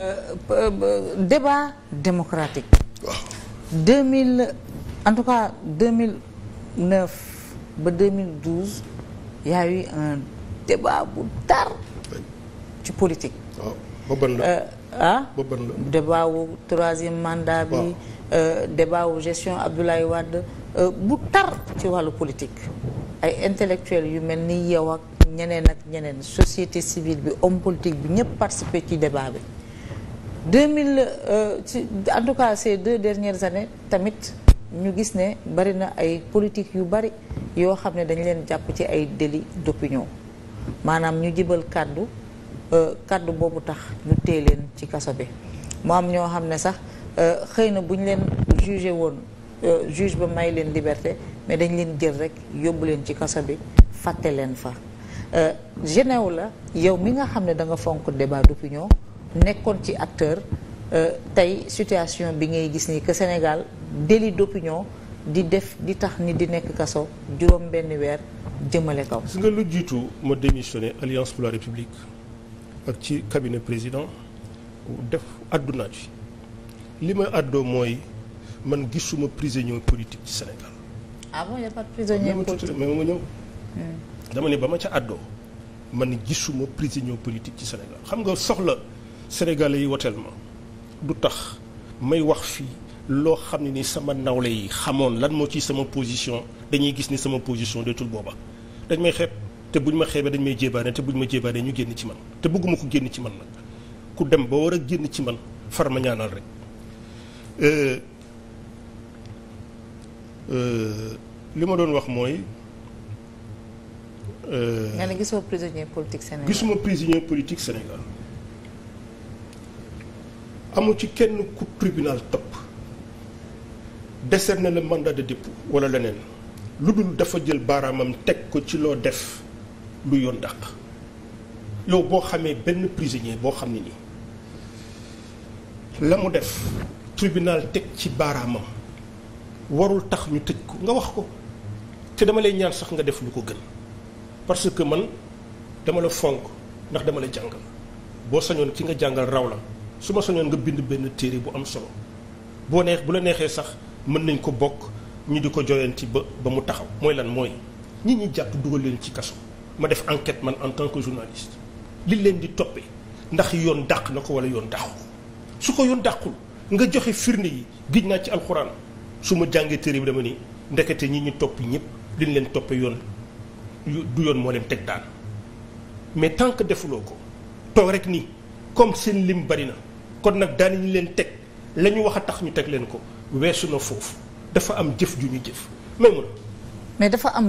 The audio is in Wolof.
Euh, euh, débat démocratique. waaw deux mille en tout mille neuf ba deux mille douze eu un débat bu tar ci politique. waaw ba ban la. Euh, ah ba ban la. débat wu troisième mandat bi. débat wu gestion Abdoulaye Wade bu tar ci wàllu politique ay intellectuels yu mel ni yow ak ñeneen ak ñeneen société civile bi homme politique bi ñëpp participer ci débat bi. deux mille euh, ci en tout cas ces deux dernières années tamit ñu gis ne bari na ay politique yu bari yoo xam ne dañ leen jàpp ci ay délit d'opinion maanaam ñu jibal kàddu euh, kàddu boobu tax ñu leen ci kaso bi moo am ñoo xam ne sax euh, xëy na buñ leen jugé woon juge ba may leen liberté mais dañ leen jël rek yóbbu leen ci kaso bi fàtte leen fa généw la yow mi nga xam ne da nga fonk débat d'opinion nekkoon ci acteur euh, tey situation bi ngay gis ni que Sénégal délit d'opinion di def di tax nit di nekk kaso juróom benn weer jëmale kaw. su nga lu jiitu ma démissionné Alliance pour la République ak ci cabinet président def àdduna ci li ma àddoo mooy man gisuma prisonnier politique ci Sénégal. ah bon y a hmm. dama ne ba ma ca àddoo man gisuma prisonnier politique ci Sénégal xam nga soxla. sénégalais yi woteel ma du tax may wax fii loo xam ne ni sama nawle yi xamoon lan moo ci sama position dañuy gis ni sama position dootul booba dañ may xeeb te buñ ma xeebee dañ may jébaane te buñ ma jébaane ñu génn ci man te bëgguma ko génn ci man nag ku dem ba war a génn ci man far ma ñaanal rek euh, euh, li ma doon wax mooy. Euh, nga ne gisoo prisonnier politique Sénégal gisuma prisonnier politique Sénégal. amul ci kenn ku tribunal topp na le mandat de dépôt wala leneen lu dul dafa jël baaraamam teg ko ci loo def lu yoon dàq yow boo xamee benn prisonnier boo xam ne nii la mu def tribunal teg ci baaraamam warul tax ñu tëj ko nga wax ko te dama lay ñaan sax nga def lu ko gën parce que man dama la fonk ndax dama la jàngal boo sañoon ki nga jàngal raw la su ma soñoon nga bind benn téere bu am solo boo neex bu la neexee sax mën nañ ko bokk ñu di ko joyanti ba ba mu taxaw mooy lan mooy ñi ñi jàpp dugal leen ci kaso ma def enquête man en tant que journaliste li leen di toppe ndax yoon dàq na ko wala yoon dàqu su ko yoon dàqul nga joxe firnde yi gij naa ci alxuraan su ma jàngee téere bi dama ni ndekete ñi ñu topp ñëpp liñ leen toppee yoon du yoon moo leen teg daan mais tant que defuloo ko toog rek ni comme seen lim bari na kon nag daanañu leen teg la ñu wax a tax ñu teg leen ko weesu na foofu dafa am jëf ju ñu jëf mais dafa am